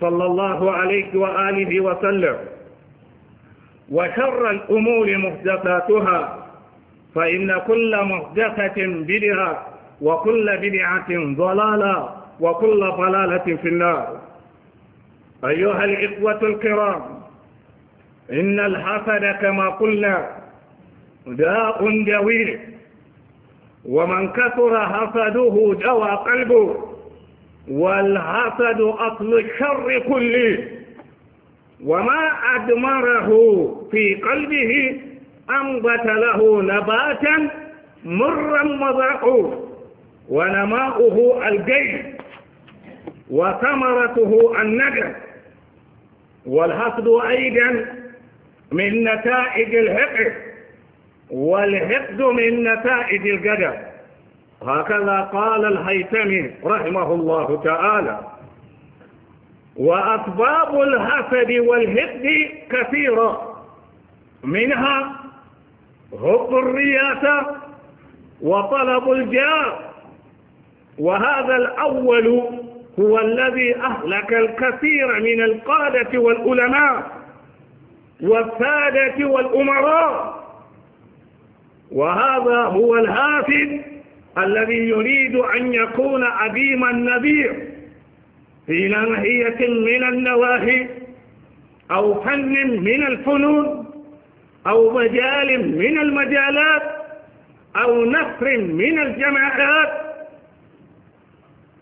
صلى الله عليه وآله وسلم وشر الأمور محدثاتها فإن كل محدثة بدعة وكل بدعة ضلالة وكل ضلالة في النار أيها الإخوة الكرام إن الحسد كما قلنا داء جويل ومن كثر حسده جوى قلبه والحسد أصل الشر كله وما أدمره في قلبه أنبت له نباتا مرا مذاقه ونماؤه الجيش وثمرته النجم والحقد أيضا من نتائج الحقد والحقد من نتائج القدر هكذا قال الهيثمي رحمه الله تعالى وأسباب الحسد والحقد كثيرة منها حب الرياسة وطلب الجاه وهذا الأول هو الذي أهلك الكثير من القادة والعلماء والسادة والأمراء وهذا هو الهافد الذي يريد أن يكون عظيم النبي في ناحية من النواهي أو فن من الفنون أو مجال من المجالات أو نفر من الجماعات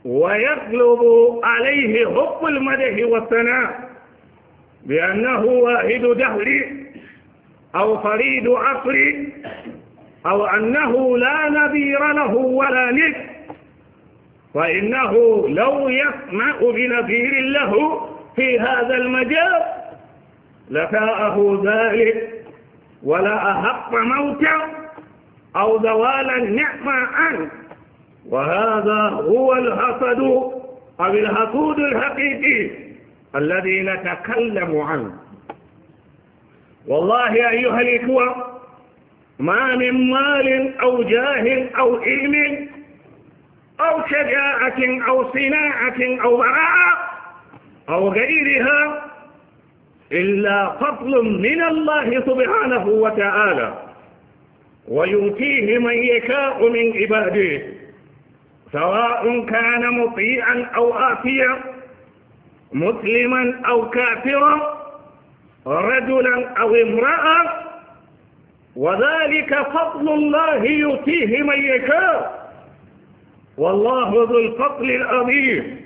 ويغلب عليه حب المدح والثناء بأنه واحد دهري أو فريد عصري أو أنه لا نذير له ولا نذر فإنه لو يسمع بنذير له في هذا المجال لفاءه ذلك ولا أحق موتا أو زوال النعمة عنه وهذا هو الحسد أو الحسود الحقيقي الذي نتكلم عنه والله أيها الإخوة ما من مال أو جاه أو علم أو شجاعة أو صناعة أو براءة أو غيرها إلا فضل من الله سبحانه وتعالى ويؤتيه من يشاء من عباده سواء كان مطيعا أو آتيا مسلما أو كافرا رجلا أو امرأة وذلك فضل الله يؤتيه من يشاء والله ذو الفضل العظيم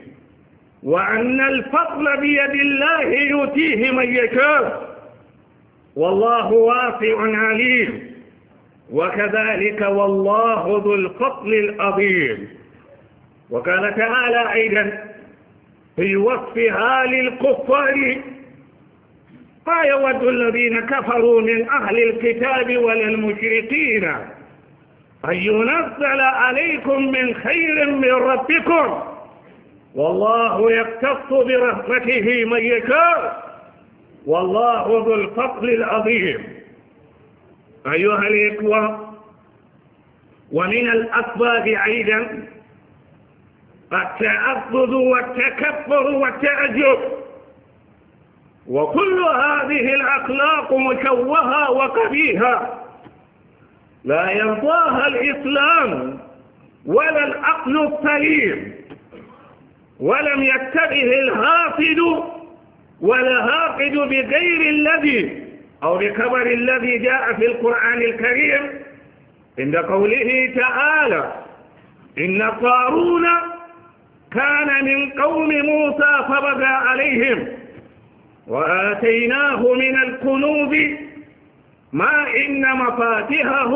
وأن الفضل بيد الله يؤتيه من يشاء والله واسع عليم وكذلك والله ذو الفضل العظيم وقال تعالى أيضا في وصفها للكفار لا يود الذين كفروا من أهل الكتاب ولا المشركين أن ينزل عليكم من خير من ربكم والله يختص برحمته من يشاء والله ذو الفضل العظيم أيها الإخوة ومن الأسباب أيضا التعبد والتكبر والتعجب وكل هذه الأخلاق مشوهة وقبيحة لا يرضاها الإسلام ولا العقل السليم ولم يتبه الهافد ولا هافد بغير الذي أو بخبر الذي جاء في القرآن الكريم عند قوله تعالى إن قارون كان من قوم موسى فبغى عليهم وآتيناه من الكنوب ما إن مفاتحه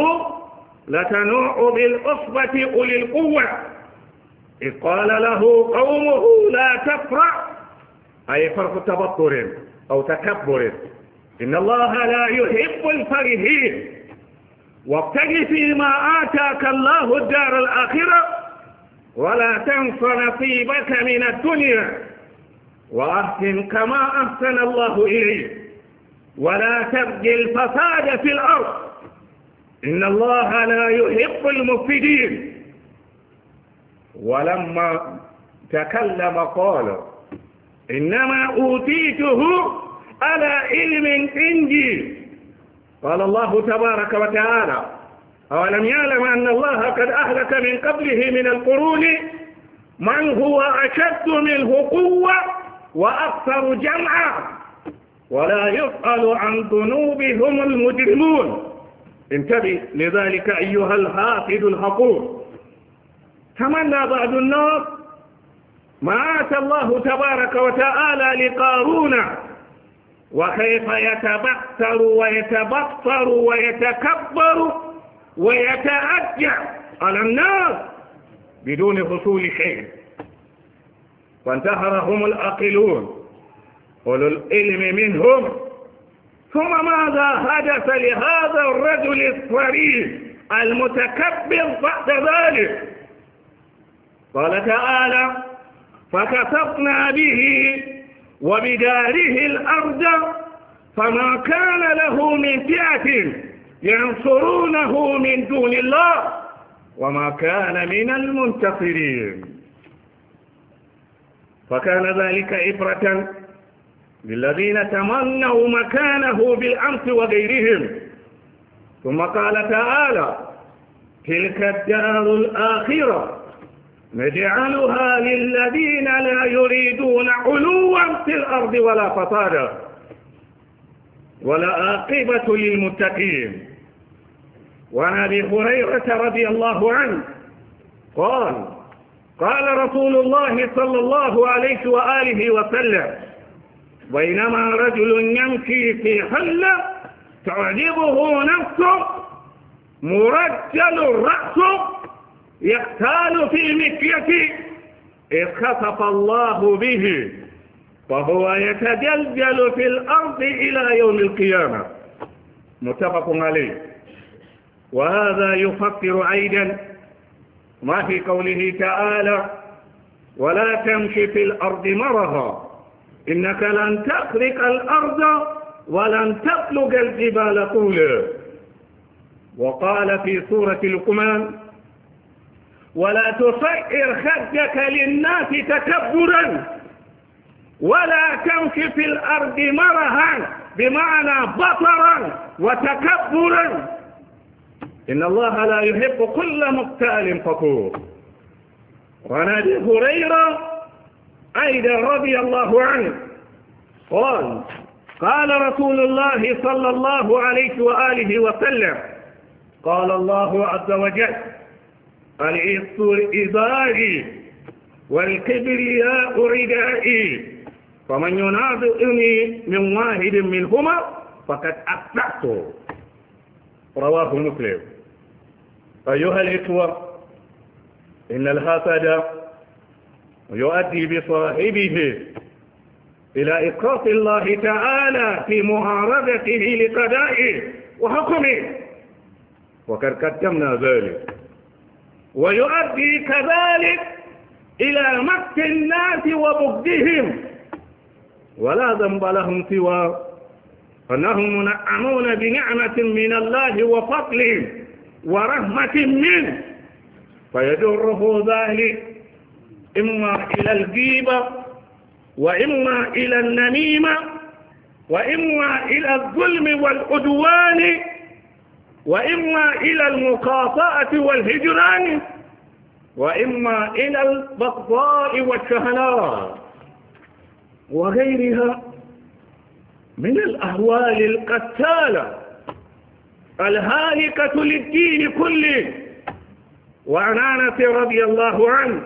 لتنوع بالعصبة أولي القوة إذ قال له قومه لا تفرع أي فرق تبطر أو تكبر إن الله لا يحب الفرهين وابتغ فيما آتاك الله الدار الآخرة ولا تنس نصيبك من الدنيا وأحسن كما أحسن الله إليك ولا تبغي الفساد في الأرض إن الله لا يحب المفسدين ولما تكلم قال إنما أوتيته على علم عندي قال الله تبارك وتعالى أولم يعلم أن الله قد أهلك من قبله من القرون من هو أشد منه قوة وأكثر جمعا ولا يسأل عن ذنوبهم المجرمون انتبه لذلك أيها الحافظ الحقور تمنى بعض الناس ما آتى الله تبارك وتعالى لقارون وكيف يتبختر ويتبختر ويتكبر ويتأجع على الناس بدون حصول شيء وانتحرهم الأقلون أولو العلم منهم ثم ماذا حدث لهذا الرجل الصريح المتكبر بعد ذلك قال تعالى فكسفنا به وبداره الأرض فما كان له من فئة ينصرونه من دون الله وما كان من المنتصرين فكان ذلك إبرة للذين تمنوا مكانه بالأمس وغيرهم ثم قال تعالى تلك الدار الآخرة نجعلها للذين لا يريدون علوا في الأرض ولا فصادا ولا آقبة للمتقين وعن أبي هريرة رضي الله عنه قال قال رسول الله صلى الله عليه وآله وسلم بينما رجل يمشي في حلة تعجبه نفسه مرجل الرأس يقتال في مشيته إذ خسف الله به فهو يتجلجل في الأرض إلى يوم القيامة متفق عليه وهذا يفكر عيداً ما في قوله تعالى ولا تمشي في الأرض مرها إنك لن تخرق الأرض ولن تطلق الجبال طولا وقال في سورة القمان ولا تصعر خدك للناس تكبرا ولا تمشي في الأرض مرها بمعنى بطرا وتكبرا إن الله لا يحب كل مختال فخور وعن أبي هريرة أيضا رضي الله عنه قال قال رسول الله صلى الله عليه وآله وسلم قال الله عز وجل العصر إزاري والكبرياء ردائي فمن ينادئني من واحد منهما فقد أبدعته رواه مسلم أيها الإخوة إن الحسد يؤدي بصاحبه إلى إسقاط الله تعالى في معارضته لقضائه وحكمه وقد قدمنا ذلك ويؤدي كذلك إلى مكت الناس وبغضهم ولا ذنب لهم سوى أنهم منعمون بنعمة من الله وفضله ورحمة منه فيجره ذلك إما إلى الغيبة وإما إلى النميمة وإما إلى الظلم والعدوان وإما إلى المقاطعة والهجران وإما إلى البغضاء والشهناء وغيرها من الأهوال القتالة الهالكة للدين كله وعن أنس رضي الله عنه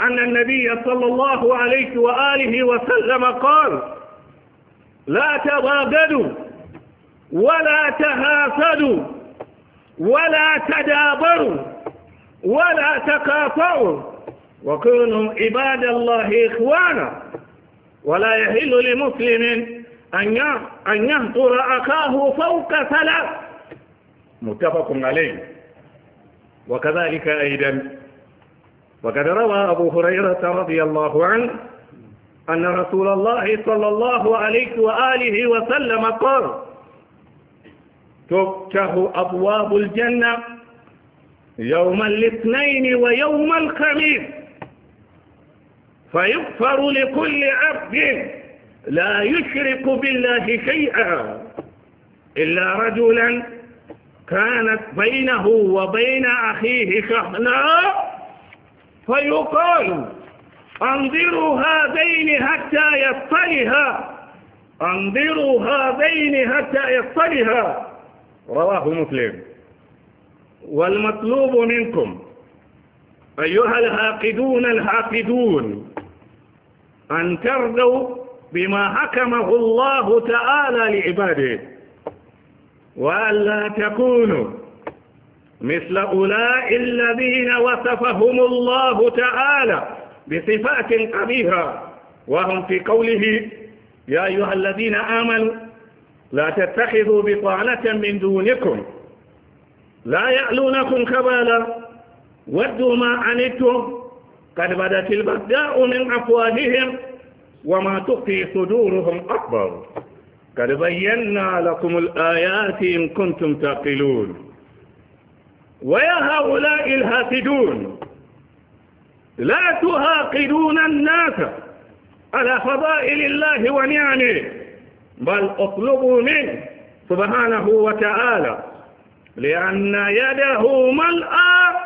أن النبي صلى الله عليه وآله وسلم قال لا تباغدوا ولا تهافدوا ولا تدابروا ولا تكافروا وكونوا عباد الله إخوانا ولا يحل لمسلم أن يهطر أخاه فوق ثلاث متفق عليه وكذلك أيضا وقد روى أبو هريرة رضي الله عنه أن رسول الله صلى الله عليه وآله وسلم قال تفتح أبواب الجنة يوم الاثنين ويوم الخميس فيغفر لكل عبد لا يشرك بالله شيئا إلا رجلا كانت بينه وبين أخيه شحناء فيقال انظروا هذين حتى يطلها انظروا هذين حتى يطلها رواه مسلم والمطلوب منكم أيها الهاقدون الهاقدون أن ترضوا بما حكمه الله تعالى لعباده وألا تكونوا مثل أولئك الذين وصفهم الله تعالى بصفات قبيحة وهم في قوله يا أيها الذين آمنوا لا تتخذوا بطانة من دونكم لا يألونكم خبالا ودوا ما عنتم قد بدت البغداء من أفواههم وما تخفي صدورهم أكبر قد بينا لكم الآيات إن كنتم تعقلون ويا هؤلاء الهاقدون لا تهاقدون الناس على فضائل الله ونعمه بل اطلبوا منه سبحانه وتعالى لأن يده ملأى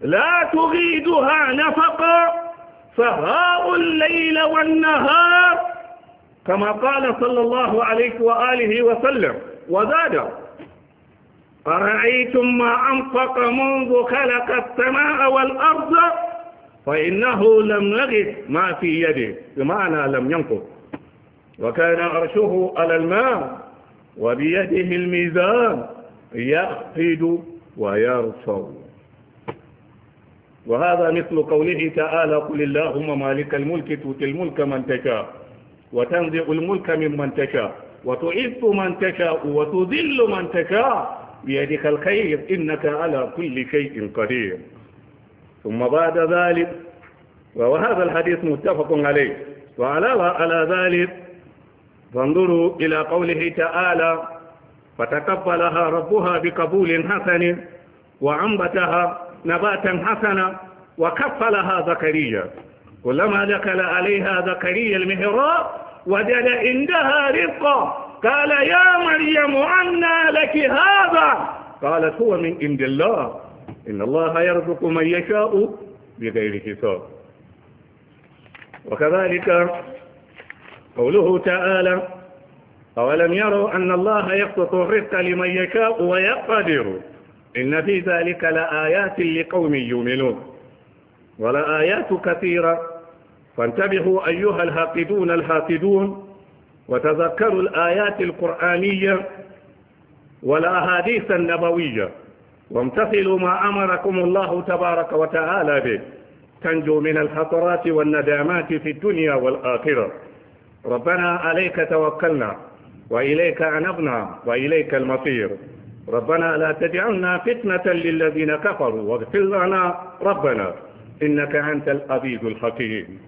لا تغيدها نفقا فهاء الليل والنهار كما قال صلى الله عليه وآله وسلم وزاد أرأيتم ما أنفق منذ خلق السماء والأرض فإنه لم يغف ما في يده بمعنى لم ينقص وكان عرشه على الماء وبيده الميزان يخفض ويرفع وهذا مثل قوله تعالى قل اللهم مالك الملك تؤتي الملك من تشاء وتنزع الملك ممن تشاء وتعز من تشاء وتذل من تشاء بيدك الخير إنك على كل شيء قدير ثم بعد ذلك وهذا الحديث متفق عليه وعلى على ذلك فانظروا إلى قوله تعالى فتقبلها ربها بقبول حسن وعنبتها نباتا حسنا وكفلها زكريا كلما دخل عليها زكريا المهراب وجد عندها رفقا قال يا مريم أنى لك هذا قالت هو من عند الله إن الله يرزق من يشاء بغير حساب وكذلك قوله تعالى أولم يروا أن الله يقصط الرزق لمن يشاء ويقدر إن في ذلك لآيات لقوم يؤمنون ولآيات كثيرة فانتبهوا أيها الهاقدون الهاقدون وتذكروا الآيات القرآنية والأحاديث النبوية وامتثلوا ما أمركم الله تبارك وتعالى به تنجو من الخطرات والندامات في الدنيا والآخرة ربنا عليك توكلنا وإليك أنبنا وإليك المصير ربنا لا تجعلنا فتنة للذين كفروا واغفر لنا ربنا إنك أنت الأبيض الحكيم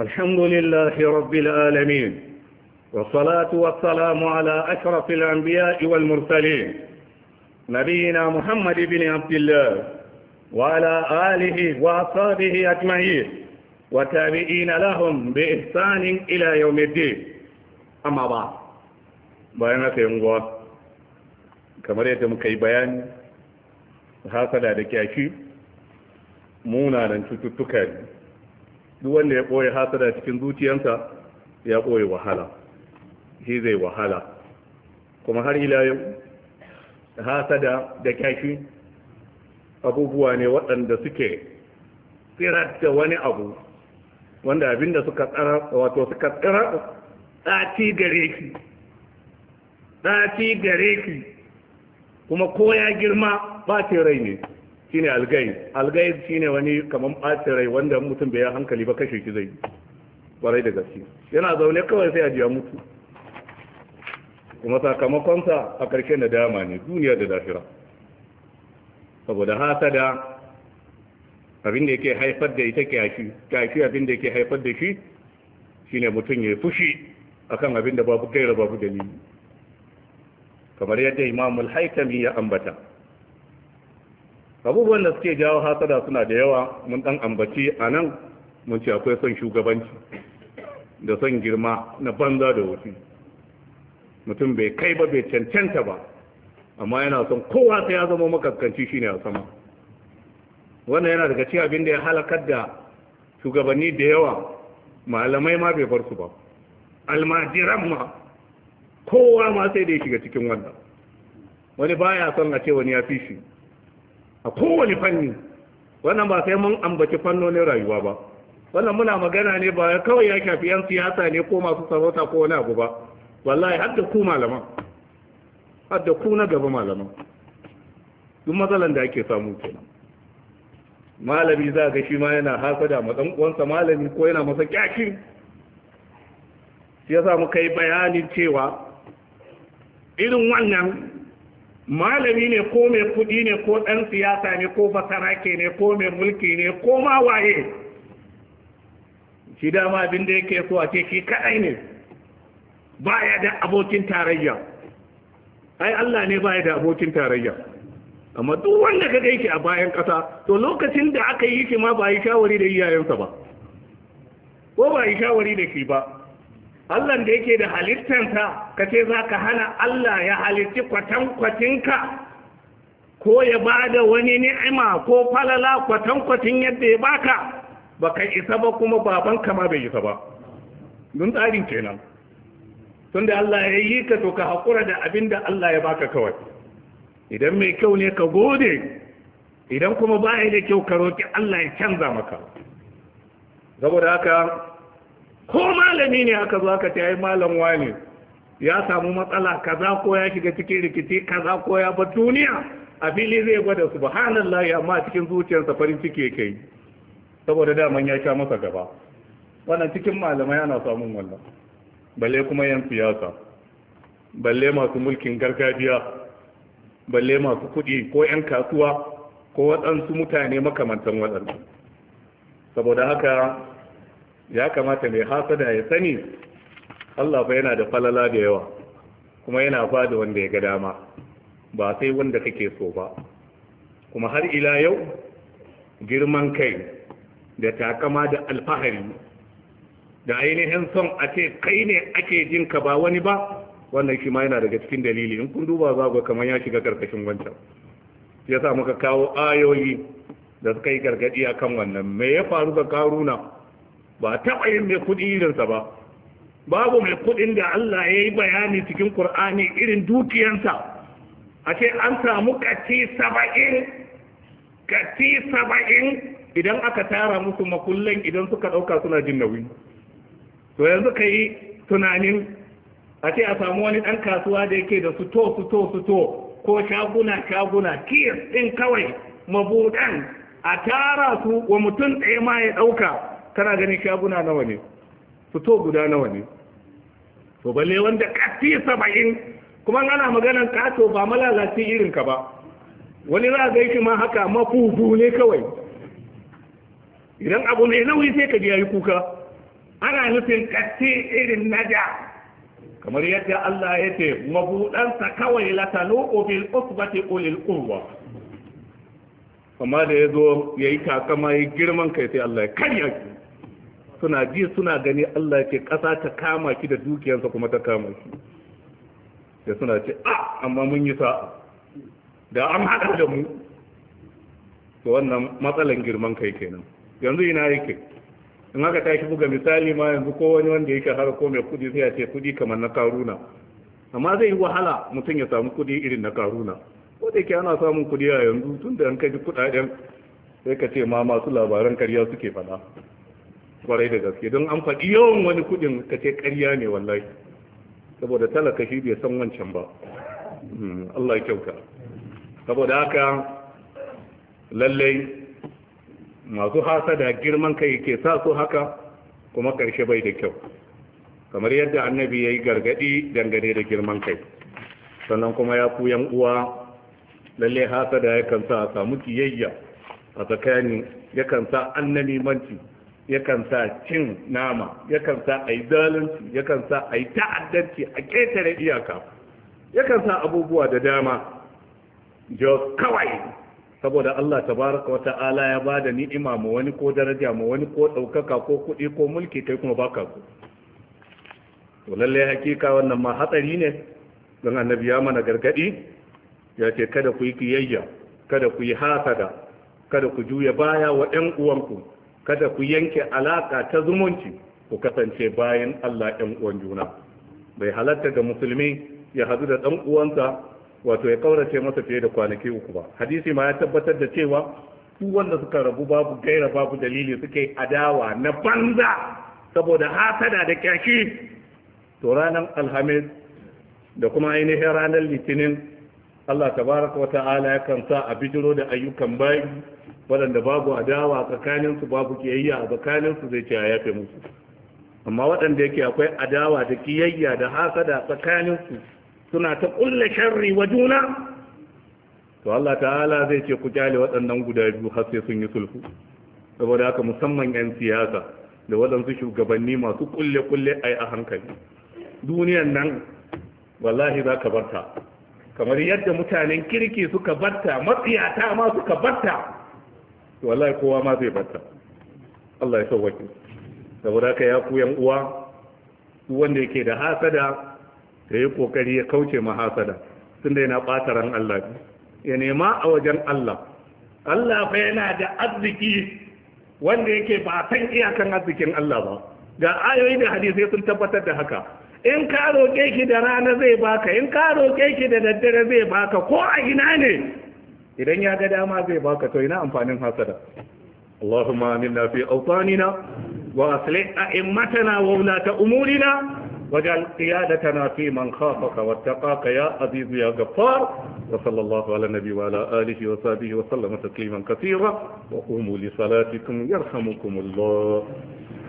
الحمد لله رب العالمين والصلاة والسلام على أشرف الأنبياء والمرسلين نبينا محمد بن عبد الله وعلى آله وأصحابه أجمعين وتابعين لهم بإحسان إلى يوم الدين sama ba bayan haka yanguwa kamar yadda muka yi bayani hasada da kyashi munanan cututtuka ne duk wanda ya ɓoye hasada cikin zuciyansa ya ɓoye wahala shi zai wahala kuma har ila yau hasada da kyashi abubuwa ne waɗanda suke tsirar da wani abu wanda abinda suka tsara wato suka tsara tsafi gare ki tsafi gare ki kuma ko ya girma ɓacin rai ne Shi ne algai algai ne wani kamar ɓacin rai wanda mutum bai hankali ba kashe ki zai kwarai da gaske yana zaune kawai sai a ji ya mutu kuma sakamakonsa a ƙarshe na dama ne duniya da dafira saboda hasada abin da yake haifar da ita kyashi kyashi abin da yake haifar da shi shine mutum ya fushi akan abin da babu gaira babu dalili kamar yadda imamul haitami ya ambata abubuwan da suke jawo hasada suna da yawa mun dan ambaci a nan mun ce akwai son shugabanci da son girma na banza da wuce mutum bai kai ba bai cancanta ba amma yana son kowa sai ya zama makaskanci shine a sama wannan yana daga cikin abin da ya halakar da shugabanni da yawa malamai ma bai bar su ba almajiran ma kowa ma sai da ya shiga cikin wannan wani baya son a ce wani ya fi a kowane fanni wannan ba sai mun ambaci fannonin rayuwa ba wannan muna magana ne ba kawai ya shafi yan siyasa ne ko masu sarauta ko wani abu ba wallahi hadda ku malaman hadda ku na gaba malaman duk matsalan da ake samu kenan malami za ga shi ma yana hasada matsan uwansa malami ko yana masa kyakin shi yasa muka yi bayanin cewa irin wannan malami ne ko mai kudi ne ko ɗan siyasa ne ko basarake ne ko mai mulki ne ko ma waye shi dama abin da yake so a ce shi kaɗai ne baya da abokin tarayya ai Allah ne baya da abokin tarayya amma duk wanda ka gaishe a bayan ƙasa to lokacin da aka yi shi ma ba yi shawari da iyayensa ba ko ba yi shawari da shi ba Allah da yake da halittansa ka ce za ka hana Allah ya halitti kwatankwacinka ko ya ba da wani ni'ima ko falala kwatankwacin yadda ya baka ba ka isa ba kuma baban kama bai isa ba don tsarin kenan tun da Allah ya yi ka to ka haƙura da abin da Allah ya baka kawai idan mai kyau ne ka gode idan kuma ba ya da kyau ka roƙi Allah ya canza maka saboda haka ko malami ne aka zo aka ce ai malam wane ya samu matsala kaza ko ya shiga cikin rikici kaza ko ya bar duniya a fili zai gwada subhanallahi amma cikin zuciyarsa farin ciki yake yi saboda daman ya sha masa gaba wannan cikin malamai yana samun wannan balle kuma yan siyasa balle masu mulkin gargajiya balle masu kuɗi ko yan kasuwa ko waɗansu mutane makamantan waɗansu saboda haka ya kamata mai hasada ya sani Allah fa yana da falala da yawa kuma yana da wanda ya ga dama ba sai wanda kake so ba kuma har ila yau girman kai da takama da alfahari da ainihin son a ce kai ne ake jin ka ba wani ba wannan shi ma yana daga cikin dalili in kun duba za ku kamar ya shiga karkashin wancan ya sa muka kawo ayoyi da suka yi gargadi akan wannan me ya faru ga karuna ba taɓa yin mai kuɗi irinsa ba babu mai kuɗin da Allah ya yi bayani cikin ƙur'ani irin dukiyarsa a ce an samu kati saba'in kati saba'in idan aka tara musu makullan idan suka ɗauka suna jin nauyi to yanzu ka yi tunanin a ce a samu wani ɗan kasuwa da yake da suto suto suto ko shaguna shaguna kiyas ɗin kawai mabuɗan a tara su wa mutum ɗaya ma ya ɗauka kana gani shaguna nawa ne fito guda nawa ne to balle wanda kati saba'in kuma ana maganan kato ba malalaci irin ka ba wani za a shi ma haka mafufu ne kawai idan abu mai nauyi sai ka ji yayi kuka ana nufin kati irin naja kamar yadda Allah ya ce mabudansa kawai tanu bil usbati ulil qurwa amma da ya zo ya yi takama girman kai sai Allah ya karya suna ji suna gani Allah ce ƙasa ta kama ki da dukiyarsa kuma ta kama ki da suna ce a ah, amma mun yi sa'a da an haɗa da mu to wannan matsalan girman kai kenan yanzu ina yake in ta tashi buga misali ma yanzu ko wani wanda yake har ko mai kudi sai ya ce kudi kamar na karuna amma zai yi wahala mutum ya samu kudi irin na karuna ko da yake ana samun kudi a yanzu tun da an kaji kudaden sai ka ce ma masu labaran karya suke faɗa kwarai da gaske don an faɗi yawan wani kuɗin ka ce ƙarya ne wallahi saboda talaka shi bai san wancan ba hmm, Allah ya kyauta saboda haka lallai masu hasada girman kai ke sa su haka kuma ƙarshe bai da kyau kamar yadda annabi ya yi gargaɗi dangane da girman kai sannan kuma ya ku yan uwa lallai hasada kan sa a samu kiyayya a ya kan sa manci. yakan sa cin nama yakan sa a yi zalunci yakan sa a yi ta'addanci a ƙetare iyaka yakan sa abubuwa da dama jo kawai saboda Allah tabaraka wa ta'ala ya ba da ni'ima ma wani ko daraja ma wani ko ɗaukaka ko kuɗi ko mulki kai kuma baka ku to lallai hakika wannan ma hatsari ne don annabi ya mana gargadi? ya ce kada ku yi kiyayya kada ku yi hasada kada ku juya baya wa ɗan uwanku kada ku yanke alaka ta zumunci ku kasance bayan Allah ɗan uwan juna bai halatta ga musulmi ya hadu da ɗan uwansa wato ya kaurace masa fiye da kwanaki uku ba hadisi ma ya tabbatar da cewa duk wanda suka rabu babu gaira babu dalili suke adawa na banza saboda hasada da kyashi to ranar alhamis da kuma ainihin ranar litinin Allah tabaraka wa ta'ala ya kansa sa a bijiro da ayyukan bayi waɗanda babu adawa tsakaninsu babu kiyayya a tsakaninsu zai ce a yafe musu amma waɗanda yake akwai adawa da kiyayya da hasada tsakaninsu suna ta ƙulla sharri wa juna to Allah ta'ala zai ce ku kyale waɗannan guda biyu har sai sun yi sulhu saboda haka musamman 'yan siyasa da waɗansu shugabanni masu ƙulle-ƙulle a a hankali duniyan nan wallahi za ka barta kamar yadda mutanen kirki suka barta matsiyata ma suka barta to wallahi kowa ma zai bata Allah ya sauwake saboda ka ya kuyan uwa wanda yake da hasada ya yi kokari ya kauce ma hasada tunda yana bata ran Allah ya nema a wajen Allah Allah fa yana da arziki wanda yake ba san iyakan arzikin Allah ba ga ayoyi da hadisai sun tabbatar da haka in ka roƙe ki da rana zai baka in ka roƙe ki da daddare zai baka ko a ina ne idan ya ga dama zai baka to ina amfanin hasada Allahumma amina fi awtanina wa aslih a'immatana wa ulata umurina waj'al qiyadatana fi man tana wattaqaka ya aziz ya ghaffar wa sallallahu ala nabiy wa ala alihi wa sahbihi wa sallama taslima katira wa qumu li salatikum yarhamukumullah